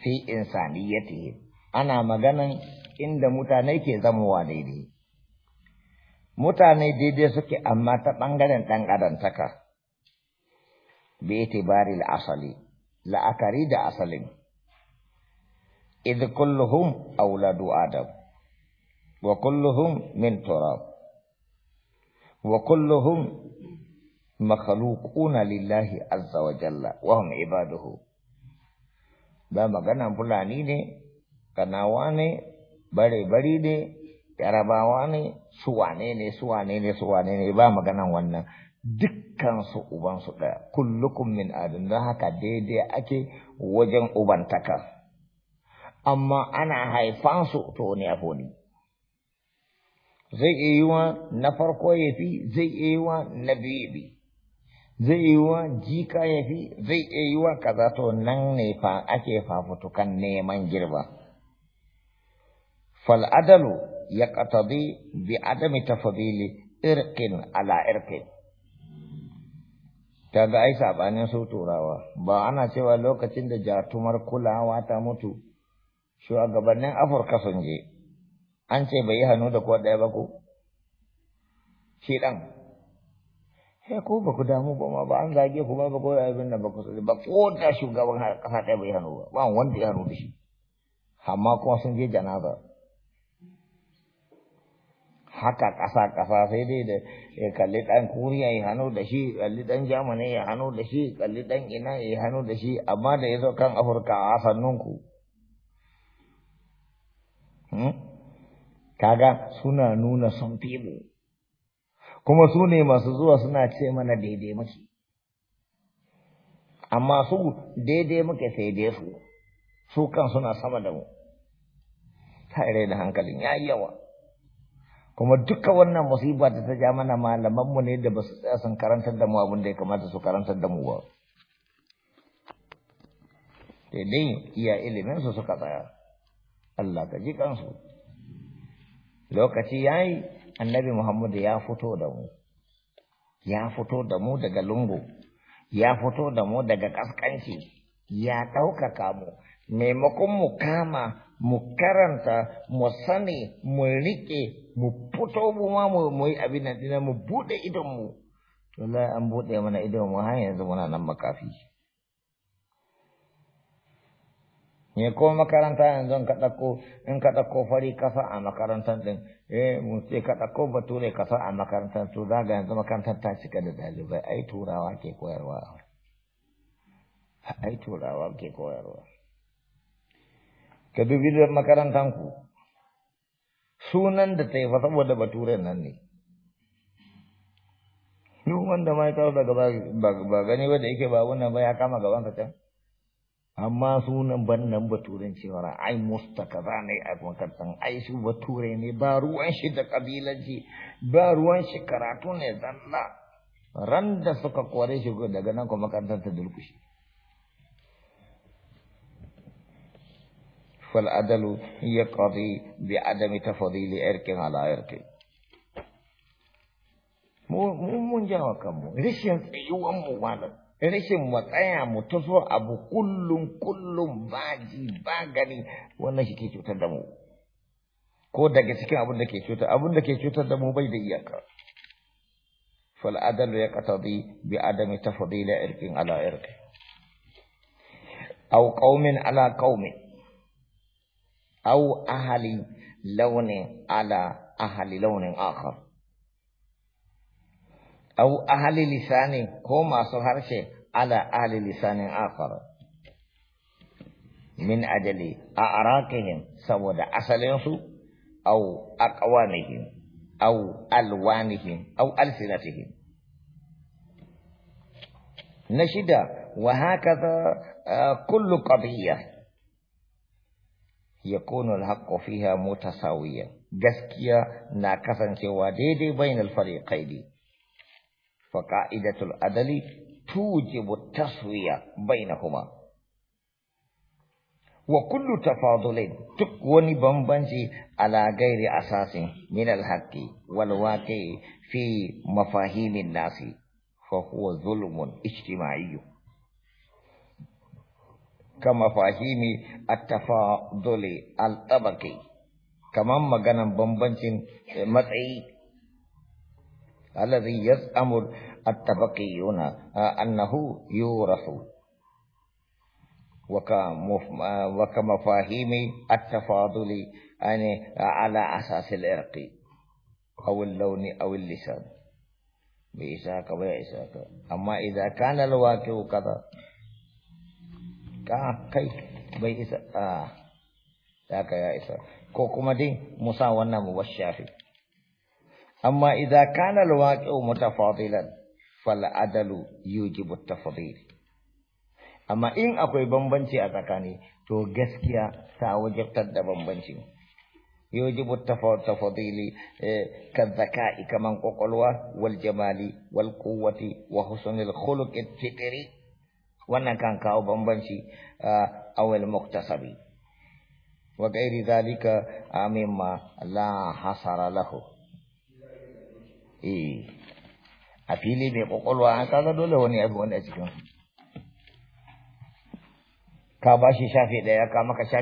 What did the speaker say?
fi ce ana maganan inda mutane ke zamowa daidai mutane daidai suke amma ta ɓangaren ɗan adantaka bi itibari asali la'akari da asalin id kulluhum auladu adam wa kulluhum min turab wa kulluhum makhluquna lillahi azza wa jalla wa hum ibaduhu ba magana fulani ne kanawa ne bare-bari ne yarabawa ne suwane ne suwane ne suwane ne ba magana wannan dukkansu ubansu ɗaya kullukum min adam don haka daidai ake wajen ubantaka amma ana haifansu to ne a foni zai iya wa na farko ya fi zai iya wa na biyu zai yi wa jika ya fi zai iya yi wa kaza to nan ne fa ake fafutukan neman girba fal adalu ya katabi bi adami tafadili irkin ala Ta ga ai sabanin su turawa ba ana cewa lokacin da jatumar kulawa ta mutu shugabannin afirka sun je an ce bai yi hannu da kowa ɗaya ba ko shi ɗan sai ko ba ku damu ba ma ba an zage ku ba ba ko abin da ba ku ba ko da shugaban kasa ɗaya bai hannu ba ba wanda ya hannu da shi amma kuma sun je janaba haka ƙasa ƙasa sai dai da ya kalli ɗan kuriya ya hannu da shi kalli ɗan jamani ya hannu da shi kalli ɗan ina ya hannu da shi amma da ya zo kan afirka a sannunku hmm? kaga suna nuna son people kuma su ne masu zuwa suna ce mana daidai muke amma su daidai muke sai dai su su kan suna sama da mu tare da hankalin ya yi yawa kuma duka wannan musiba ta ta ja mana malaman mu ne da basu su tsaya sun karantar da mu abin da ya kamata su karantar da mu ba daidai iya ilimin su suka tsaya Allah ka ji kansu lokaci ya yi annabi Muhammadu ya fito da mu ya fito da mu daga lungu ya fito da mu daga kaskanci ya ɗaukaka mu maimakon mu kama mu karanta mu sani mu riƙe mu fito mu ma mu yi abin da mu buɗe idonmu to an buɗe mana idonmu har yanzu muna nan makafi ne ko makaranta yanzu in ka ɗauko in ka ɗauko fari kasa a makarantar ɗin eh mu ce ka ɗauko bature kasa a makarantar to za ga yanzu makarantar ta cika da ɗalibai ai turawa ke koyarwa ai turawa ke koyarwa ka dubi da makarantar ku sunan da ta yi fa saboda baturen nan ne duk wanda ma ya daga ba gani ba yake ba wannan ba ya kama gaban ka can amma sunan ban nan baturen cewa ai mustaka za ne a makarantar ai su bature ne ba ruwan shi da kabilanci ba ruwan shi karatu ne zalla ran da suka kore shi daga nan kuma makarantar ta dulkushi fal adalu qadi bi adami tafadili irkin ala irkin mu mun jawaka mu rishin tsayuwan mu malam rashin mu tsaya mu ta so abu kullum kullum ba ji ba gani wannan shi ke cutar da mu ko daga cikin abin da ke cutar abin da ke cutar da mu bai da iyaka fal adalu yaqtadi bi adami tafdila irkin ala irki. aw qaumin ala qaumin aw ahli launin ala ahli launin akhar أو أهل لسان كما سهر شيء على أهل لسان آخر من أجل أعراقهم سود أصلهم أو أقوامهم أو ألوانهم أو ألسنتهم نشد وهكذا آه، كل قضية يكون الحق فيها متساوية جسكية ناكسا كواديدي بين الفريقين فقاعدة العدل توجب التسوية بينهما وكل تفاضل تكون بمبنجي على غير أساس من الحق والواقع في مفاهيم الناس فهو ظلم اجتماعي كمفاهيم التفاضل الطبقي كمان مغنم بمبنجي متعي الذي يزعم التبقيون آه، أنه يورث وكمفاهيم التفاضل يعني على أساس العرق أو اللون أو اللسان بإساك وإساك أما إذا كان الواقع كذا كاكي بإساك آه ذاك يا إساك كوكما دي مساونا موشافي Amma idza kana al-waqi'u mutafadilan fal adalu yujibu tafdil Amma in akwai bambanci a tsakani to gaskiya ta wajibtar da bambanci. Yujibu at-tafdil eh, ka zaka'i kaman kokolwa wal jamali wal quwwati wa husnil khuluq at Wannan kan kawo bambanci uh, awal muktasabi. Wa ghairi dhalika amma la hasara lahu. eh a fili mai kwakwalwa an kaza dole wani abu wani a cikin ka ba shi shafi ɗaya ka maka shafi